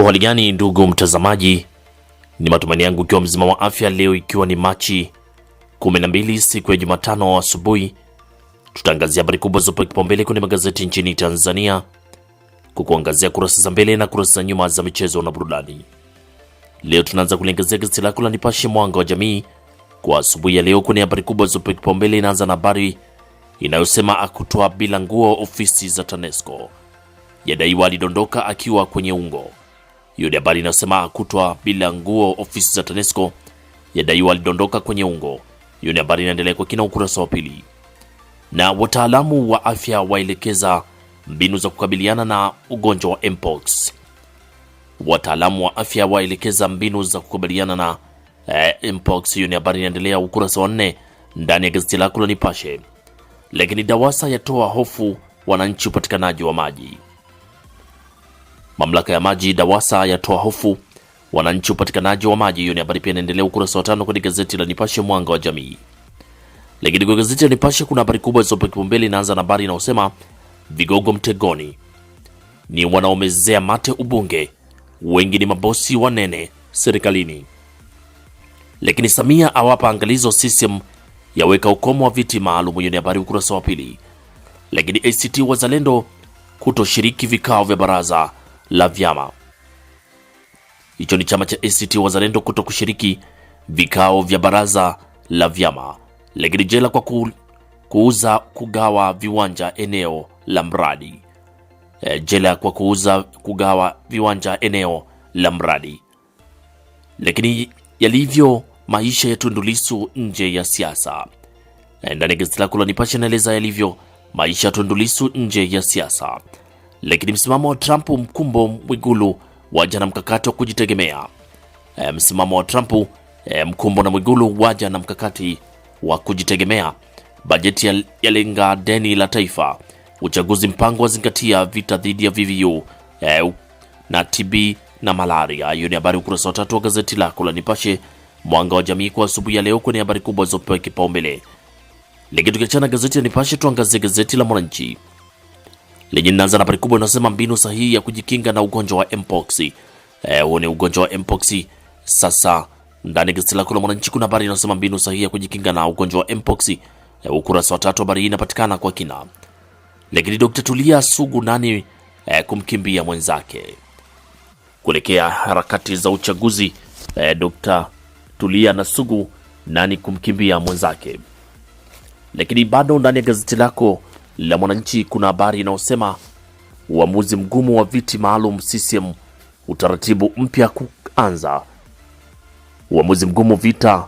Uhali gani ndugu mtazamaji, ni matumaini yangu ikiwa mzima wa afya. Leo ikiwa ni Machi 12 siku ya Jumatano asubuhi, tutaangazia habari kubwa zopewa kipaumbele kwenye magazeti nchini Tanzania, kukuangazia kurasa za mbele na kurasa za nyuma za michezo na burudani. Leo tunaanza kuliangazia gazeti lako la Nipashe Mwanga wa Jamii kwa asubuhi ya leo kwenye habari kubwa zopewa kipaumbele. Inaanza na habari inayosema akutwa bila nguo ofisi za TANESCO, yadaiwa alidondoka akiwa kwenye ungo hiyo ni habari inasema kutwa bila nguo, ofisi za TANESCO yadaiwa alidondoka kwenye ungo. Hiyo ni habari inaendelea kwa kina ukurasa wa pili. Na wataalamu wa afya waelekeza mbinu za kukabiliana na ugonjwa wa mpox. Wataalamu wa afya waelekeza mbinu za kukabiliana na eh, mpox. Hiyo ni habari inaendelea ukurasa wa nne ndani ya gazeti lako la Nipashe. Lakini DAWASA yatoa hofu wananchi upatikanaji wa maji. Mamlaka ya maji DAWASA yatoa hofu wananchi upatikanaji wa maji. Hiyo ni habari pia inaendelea ukurasa wa tano kwenye gazeti la Nipashe mwanga wa jamii. Lakini kwa gazeti la Nipashe kuna habari kubwa zilizopewa kipaumbele, inaanza na habari inayosema vigogo mtegoni, ni wanaomezea mate ubunge, wengi ni mabosi wanene serikalini. Lakini Samia awapa angalizo, CCM yaweka ukomo wa viti maalum. Hiyo ni habari ukurasa wa pili. Lakini ACT Wazalendo kutoshiriki vikao vya baraza la vyama. Hicho ni chama cha ACT Wazalendo kuto kushiriki vikao vya baraza la vyama, lakini jela kwa kuuza kugawa viwanja eneo la mradi e, jela kwa kuuza kugawa viwanja eneo la mradi. Lakini yalivyo maisha ya tundulisu nje ya siasa. E, ndani ya gazeti lako la Nipashe naeleza yalivyo maisha ya tundulisu nje ya siasa lakini msimamo wa Trump mkumbo Mwigulu waja na mkakati wa kujitegemea. E, msimamo wa Trump e, mkumbo na Mwigulu waja na mkakati wa kujitegemea. Bajeti yalenga deni la taifa. Uchaguzi mpango wazingatia vita dhidi ya VVU e, na TB na malaria. Hiyo ni habari ukurasa wa tatu wa gazeti lako la Nipashe Mwanga wa Jamii kwa asubuhi ya leo kwenye habari kubwa zilizopewa kipaumbele. Lakini tukiachana gazeti la Nipashe, tuangazie gazeti la Mwananchi lenye linaanza na habari kubwa inasema mbinu sahihi ya kujikinga na ugonjwa wa mpox. Eh, Huo ni ugonjwa wa mpox. Sasa ndani ya gazeti lako la Mwananchi kuna habari inasema mbinu sahihi ya kujikinga na ugonjwa wa mpox. E, ukurasa wa tatu, habari hii inapatikana kwa kina. Lakini Dr. Tulia Sugu nani e, kumkimbia mwenzake kuelekea harakati za uchaguzi e, eh, Dr. Tulia na Sugu nani kumkimbia mwenzake. Lakini bado ndani ya gazeti lako la Mwananchi kuna habari inayosema uamuzi mgumu wa viti maalum CCM, utaratibu mpya kuanza. Uamuzi mgumu vita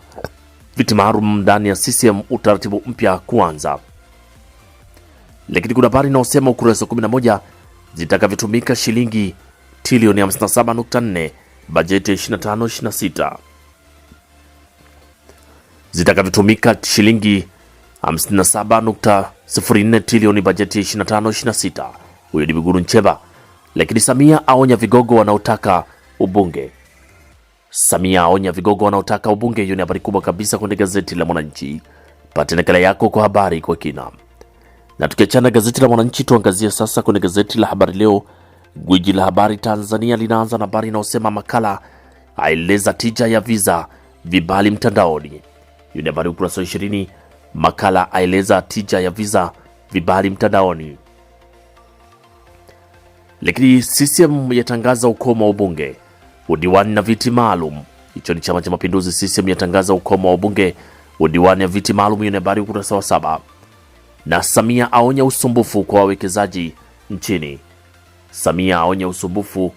viti maalum ndani ya CCM, utaratibu mpya kuanza. Lakini kuna habari inayosema ukurasa 11 zitakavyotumika shilingi trilioni 57.4 bajeti 25 26 zitakavyotumika shilingi 57 0.4 trilioni bajeti ya 25 26. Huyo ni Mwigulu Nchemba. Lakini Samia aonya vigogo wanaotaka ubunge. Samia aonya vigogo wanaotaka ubunge. Hiyo ni habari kubwa kabisa kwenye gazeti la Mwananchi. Pata nakala yako kwa habari kwa kina. Na tukiachana gazeti la Mwananchi, tuangazie sasa kwenye gazeti la Habari Leo, gwiji la habari Tanzania. Linaanza na habari inayosema makala aeleza tija ya visa vibali mtandaoni. Hiyo ni habari ukurasa wa Makala aeleza tija ya visa vibali mtandaoni. Lakini CCM yatangaza ukomo wa ubunge, udiwani na viti maalum. Hicho ni chama cha mapinduzi. CCM yatangaza ukomo wa ubunge, udiwani na viti maalum. Hiyo ni habari ukurasa wa saba. Na Samia aonya usumbufu kwa wawekezaji nchini. Samia aonya usumbufu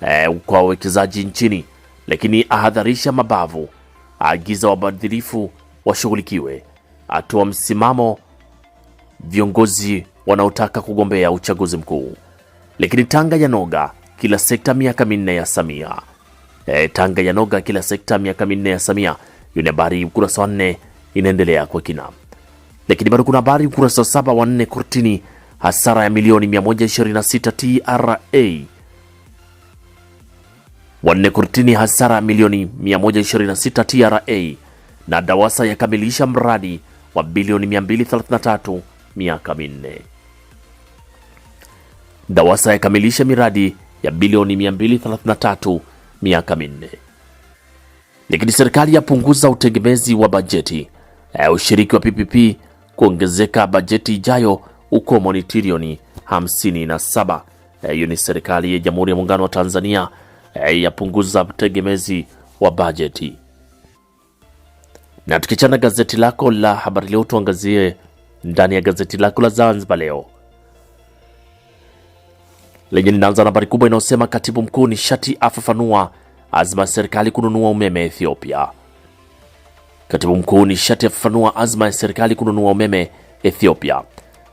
eh, kwa wawekezaji nchini, lakini ahadharisha mabavu, aagiza wabadhirifu washughulikiwe atoa msimamo viongozi wanaotaka kugombea uchaguzi mkuu. Lakini Tanga yanoga kila sekta miaka minne ya Samia. E, Tanga yanoga kila sekta miaka minne ya Samia. Hiyo ni habari ukurasa wa nne inaendelea kwa kina, lakini bado kuna habari ukurasa wa saba wa nne kortini, hasara ya milioni 126 TRA wanne kortini, hasara ya milioni 126 TRA na DAWASA yakamilisha mradi wa bilioni 233 miaka minne. DAWASA yakamilisha miradi ya bilioni 233 miaka minne. Lakini serikali yapunguza utegemezi wa bajeti ya eh, ushiriki wa PPP kuongezeka bajeti ijayo ukomo ni trilioni 57. Eh, hiyo ni serikali ya Jamhuri ya Muungano wa Tanzania eh, yapunguza utegemezi wa bajeti. Na tukichana gazeti lako la habari leo, tuangazie ndani ya gazeti lako la Zanzibar Leo lenye linaanza na habari kubwa inayosema katibu mkuu nishati afafanua azma ya serikali kununua umeme Ethiopia. Katibu mkuu nishati afafanua azma ya serikali kununua umeme Ethiopia.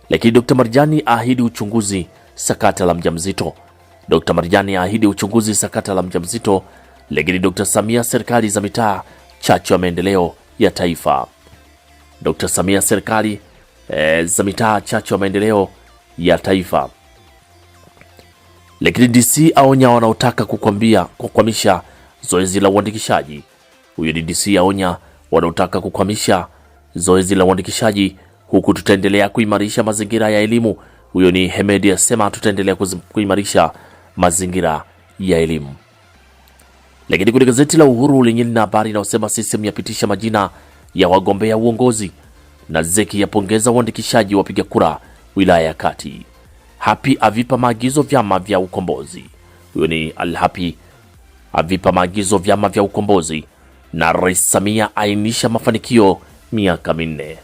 Lakini Dr Marjani aahidi uchunguzi sakata la mjamzito. Dr Marjani aahidi uchunguzi sakata la mjamzito. Lakini Dr Samia serikali za mitaa chachu ya maendeleo ya taifa. Dr. Samia, serikali e, za mitaa chachu ya maendeleo ya taifa. Lakini DC aonya wanaotaka kukwambia kukwamisha zoezi la uandikishaji. Huyo ni DC aonya wanaotaka kukwamisha zoezi la uandikishaji, huku tutaendelea kuimarisha mazingira ya elimu. Huyo ni Hemedi asema tutaendelea kuimarisha mazingira ya elimu. Lakini kwenye gazeti la Uhuru lenye lina habari inayosema CCM yapitisha majina ya wagombea uongozi na Zeki yapongeza uandikishaji wapiga kura wilaya ya Kati. Hapi avipa maagizo vyama vya ukombozi. Huyo ni Alhapi avipa maagizo vyama vya ukombozi na Rais Samia ainisha mafanikio miaka minne.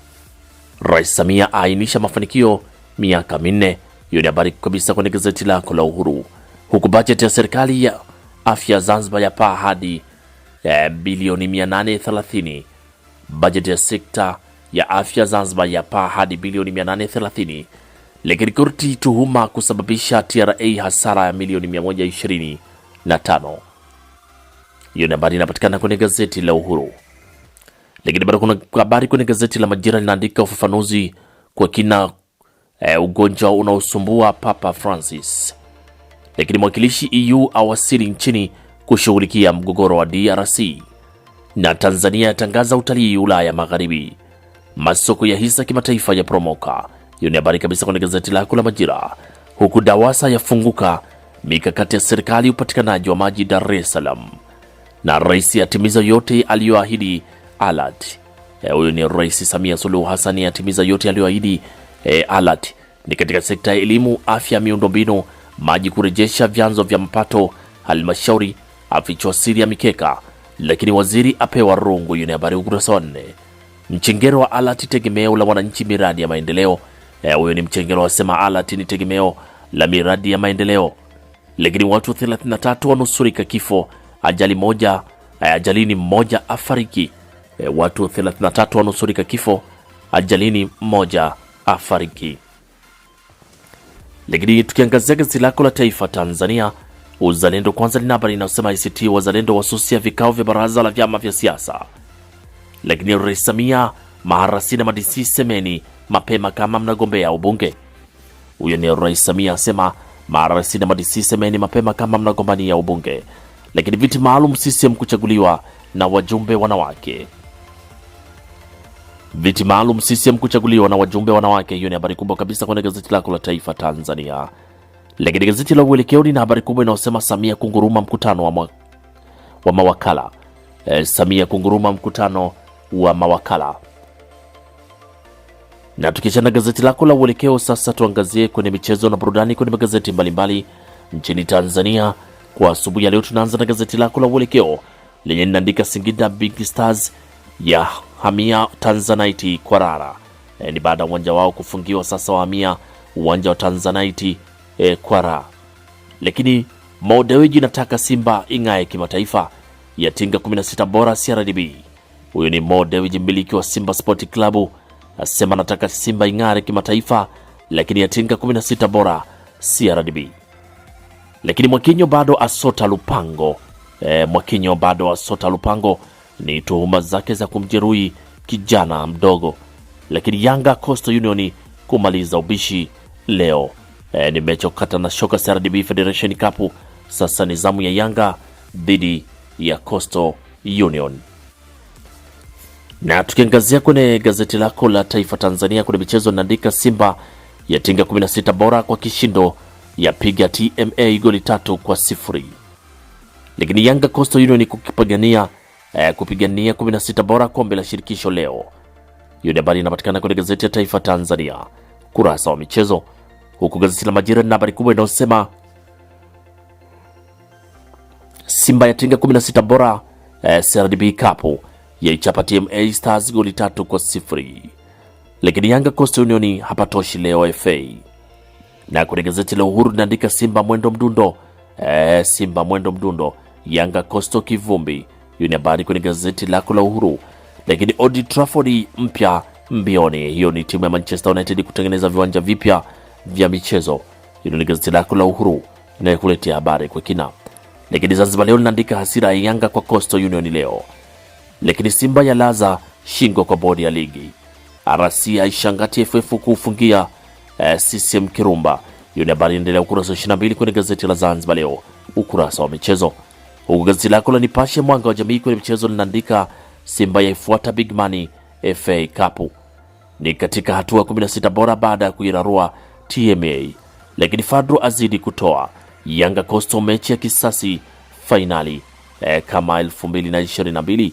Rais Samia ainisha mafanikio miaka minne. Hiyo ni habari kabisa kwenye gazeti lako la Uhuru, huku bajeti ya serikali ya afya Zanzibar ya hadi e, bilioni 830. Bajeti ya sekta ya afya Zanzibar ya hadi bilioni 830. Lakini korti tuhuma kusababisha TRA hasara ya milioni 125. Hiyo habari inapatikana kwenye gazeti la Uhuru. Lakini bado kuna habari kwenye gazeti la Majira linaandika ufafanuzi kwa kina e, ugonjwa unaosumbua Papa Francis lakini mwakilishi EU awasili nchini kushughulikia mgogoro wa DRC. Na Tanzania yatangaza utalii Ulaya Magharibi, masoko ya hisa kimataifa promoka. Hiyo ni habari kabisa kwenye gazeti lako la Majira, huku DAWASA yafunguka mikakati ya serikali upatikanaji wa maji Dar es Salaam, na rais atimiza yote aliyoahidi ALAT. Eh, Huyo ni Rais Samia Suluhu Hassan atimiza yote aliyoahidi e, eh, ALAT ni katika sekta ya elimu, afya, miundombinu maji kurejesha vyanzo vya mapato, halmashauri afichwa siri ya mikeka, lakini waziri apewa rungu. Hiyo habari ukurasa wa nne. Mchengero wa alati tegemeo la wananchi miradi ya maendeleo. Eh, huyo ni mchengero wasema alati ni tegemeo la miradi ya maendeleo. Lakini watu 33 wanusurika kifo ajali moja, eh, ajalini mmoja afariki. Eh, watu 33 wanusurika kifo ajalini mmoja afariki. Lakini tukiangazia gazeti lako la Taifa Tanzania Uzalendo Kwanza lina habari inayosema ACT Wazalendo wasusia vikao vya baraza la vyama vya siasa. Lakini Rais Samia maharasi na madisi semeni mapema kama mnagombea ubunge. Huyo ni Rais Samia asema maharasi na madisi semeni mapema kama mnagombania ubunge. Lakini viti maalum CCM kuchaguliwa na wajumbe wanawake viti maalum CCM kuchaguliwa na wajumbe wanawake. Hiyo ni habari kubwa kabisa kwenye gazeti lako la Taifa Tanzania. Lakini gazeti la Uelekeo lina habari kubwa inayosema Samia kunguruma mkutano wa, ma... wa mawakala e, Samia kunguruma mkutano wa mawakala. Na tukiachana gazeti lako la Uelekeo, sasa tuangazie kwenye michezo na burudani kwenye magazeti mbalimbali nchini Tanzania kwa asubuhi ya leo. Tunaanza na gazeti lako la Uelekeo lenye linaandika Singida Big Stars ya hamia Tanzanite Kwarara. E, ni baada ya uwanja wao kufungiwa, sasa wahamia uwanja wa Tanzanite e, Kwarara. Lakini Modewiji nataka Simba ing'ae kimataifa, yatinga 16 bora CRDB. Huyu ni Modewiji, mmiliki wa Simba Sport Club, asema nataka Simba ing'are kimataifa, lakini yatinga 16 bora CRDB. Lakini Mwakinyo bado asota lupango e, Mwakinyo bado asota lupango ni tuhuma zake za kumjeruhi kijana mdogo. Lakini Yanga Coastal Union kumaliza ubishi leo e, ni mechi kukata na shoka CRDB Federation Cup. Sasa ni zamu ya Yanga dhidi ya Coastal Union. Na tukiangazia kwenye gazeti lako la Taifa Tanzania kwenye michezo, inaandika Simba ya tinga 16 bora kwa kishindo, yapiga TMA goli tatu kwa sifuri. Lakini Yanga Coastal Union kukipigania eh, kupigania 16 bora kombe la shirikisho leo. Hiyo ni habari inapatikana kwenye gazeti ya Taifa Tanzania kurasa wa michezo, huku gazeti la Majira na habari kubwa inayosema Simba yatinga 16 bora eh, CRDB Cup yaichapa timu A Stars goli tatu kwa sifuri. Lakini Yanga Coast Union hapatoshi leo FA. Na kwenye gazeti la Uhuru linaandika Simba mwendo mdundo eh, Simba mwendo mdundo Yanga Coast kivumbi hiyo ni habari kwenye gazeti lako la Uhuru. Lakini Old Trafford mpya mbioni, hiyo ni timu ya Manchester United kutengeneza viwanja vipya vya michezo. Hilo ni gazeti lako la Uhuru inayokuletea habari kwa kina. Lakini Zanzibar leo linaandika hasira ya Yanga kwa Coastal Union leo. Lakini Simba ya laza shingo kwa bodi ya ligi. RC aishangati FF kuufungia eh, CCM Kirumba. Hiyo ni habari inaendelea ukurasa wa 22 kwenye gazeti la Zanzibar leo, ukurasa wa michezo huku gazeti lako la Nipashe mwanga wa jamii kwenye mchezo linaandika Simba yaifuata Big Money FA Cup ni katika hatua 16 bora baada ya kuirarua TMA, lakini Fadru azidi kutoa Yanga Coastal mechi ya kisasi fainali e, eh, kama 2022.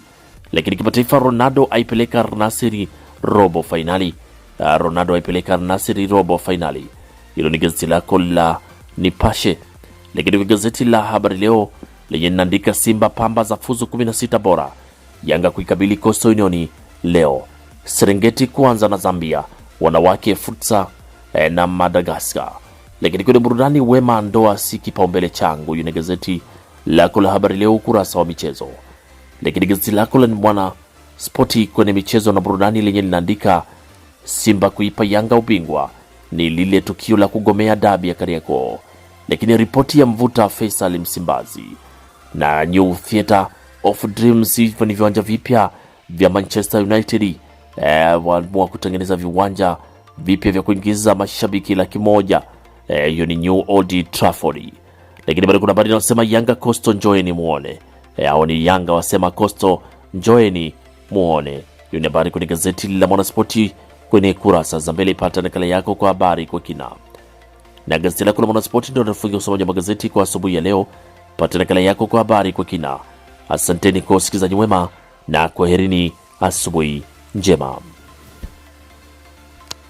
Lakini kimataifa, Ronaldo aipeleka al robo fainali. Ah, Ronaldo aipeleka al robo fainali. Hilo ni gazeti lako la Nipashe, lakini gazeti la Habari Leo lenye linaandika Simba Pamba za fuzu 16 bora, Yanga kuikabili Coastal Union leo, Serengeti kuanza na Zambia, wanawake futsa eh, na Madagascar. Lakini kwenye burudani, Wema ndoa si kipaumbele changu, yenye gazeti lako la habari leo ukurasa wa michezo. Lakini gazeti lako la Mwana Spoti kwenye michezo na burudani lenye linaandika Simba kuipa Yanga ubingwa ni lile tukio la kugomea dabi ya Kariakoo. Lakini ripoti ya mvuta Faisal Msimbazi na New Theater of Dreams. Hivyo ni viwanja vipya vya Manchester United e, eh, waamua kutengeneza viwanja vipya vya kuingiza mashabiki laki moja eh, hiyo e, ni New Old Trafford. Lakini bado kuna habari inasema Yanga Costo, njoeni muone e, au ni Yanga wasema Costo, njoeni muone. Hiyo ni habari kwenye gazeti la Mwanaspoti kwenye kurasa za mbele. ipata nakala yako kwa habari kwa kina na gazeti lako la Mwanaspoti. Ndio nafungia usomaji wa magazeti kwa asubuhi ya leo pata nakala yako kwa habari kwa kina. Asanteni kwa usikilizaji mwema na kwaherini, asubuhi njema.